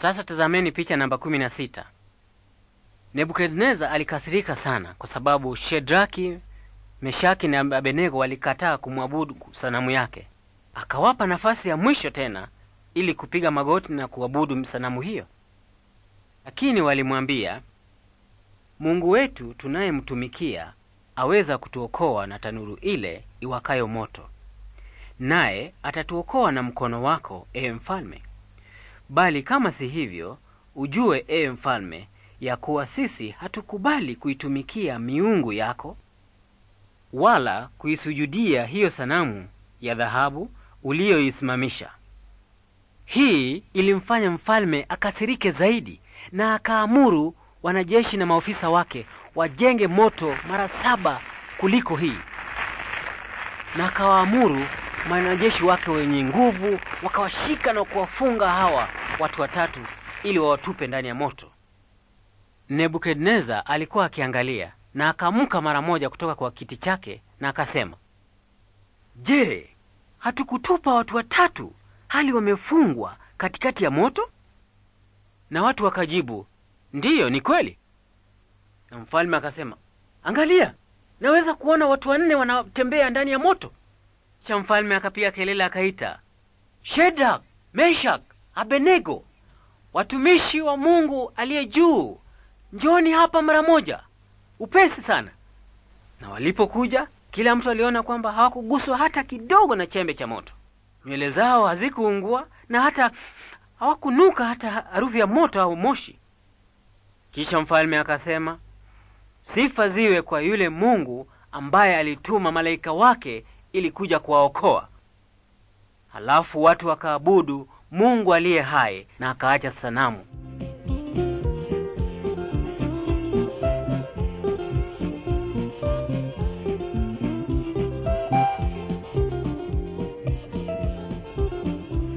Sasa tazameni picha namba 16. Nebukadneza alikasirika sana kwa sababu Shedraki, Meshaki na Abednego walikataa kumwabudu sanamu yake. Akawapa nafasi ya mwisho tena ili kupiga magoti na kuabudu sanamu hiyo, lakini walimwambia, Mungu wetu tunayemtumikia aweza kutuokoa na tanuru ile iwakayo moto, naye atatuokoa na mkono wako, ee mfalme. Bali kama si hivyo, ujue ee mfalme, ya kuwa sisi hatukubali kuitumikia miungu yako, wala kuisujudia hiyo sanamu ya dhahabu uliyoisimamisha. Hii ilimfanya mfalme akasirike zaidi, na akaamuru wanajeshi na maofisa wake wajenge moto mara saba kuliko hii, na akawaamuru wanajeshi wake wenye nguvu, wakawashika na kuwafunga hawa watu watatu ili wawatupe ndani ya moto. Nebukadneza alikuwa akiangalia na akamka mara moja kutoka kwa kiti chake na akasema, Je, hatukutupa watu watatu hali wamefungwa katikati ya moto? Na watu wakajibu, ndiyo, ni kweli. Na mfalme akasema, angalia, naweza kuona watu wanne wanatembea ndani ya moto. Cha mfalme akapiga kelele akaita, Shedrak, Meshaki Abednego, watumishi wa Mungu aliye juu, njoni hapa mara moja, upesi sana. Na walipokuja, kila mtu aliona kwamba hawakuguswa hata kidogo na chembe cha moto. Nywele zao hazikuungua na hata hawakunuka hata harufu ya moto au moshi. Kisha mfalme akasema, sifa ziwe kwa yule Mungu ambaye alituma malaika wake ili kuja kuwaokoa. Halafu watu wakaabudu Mungu aliye hai na akaacha sanamu.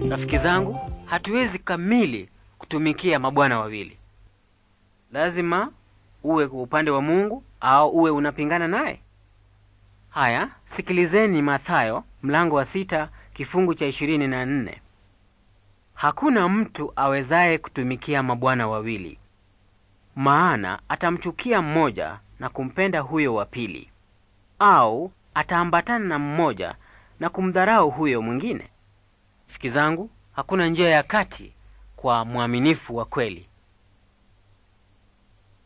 Rafiki zangu, hatuwezi kamili kutumikia mabwana wawili. Lazima uwe kwa upande wa Mungu au uwe unapingana naye. Haya, sikilizeni Mathayo mlango wa sita kifungu cha ishirini na nne. Hakuna mtu awezaye kutumikia mabwana wawili, maana atamchukia mmoja na kumpenda huyo wa pili, au ataambatana na mmoja na kumdharau huyo mwingine. Rafiki zangu, hakuna njia ya kati kwa mwaminifu wa kweli.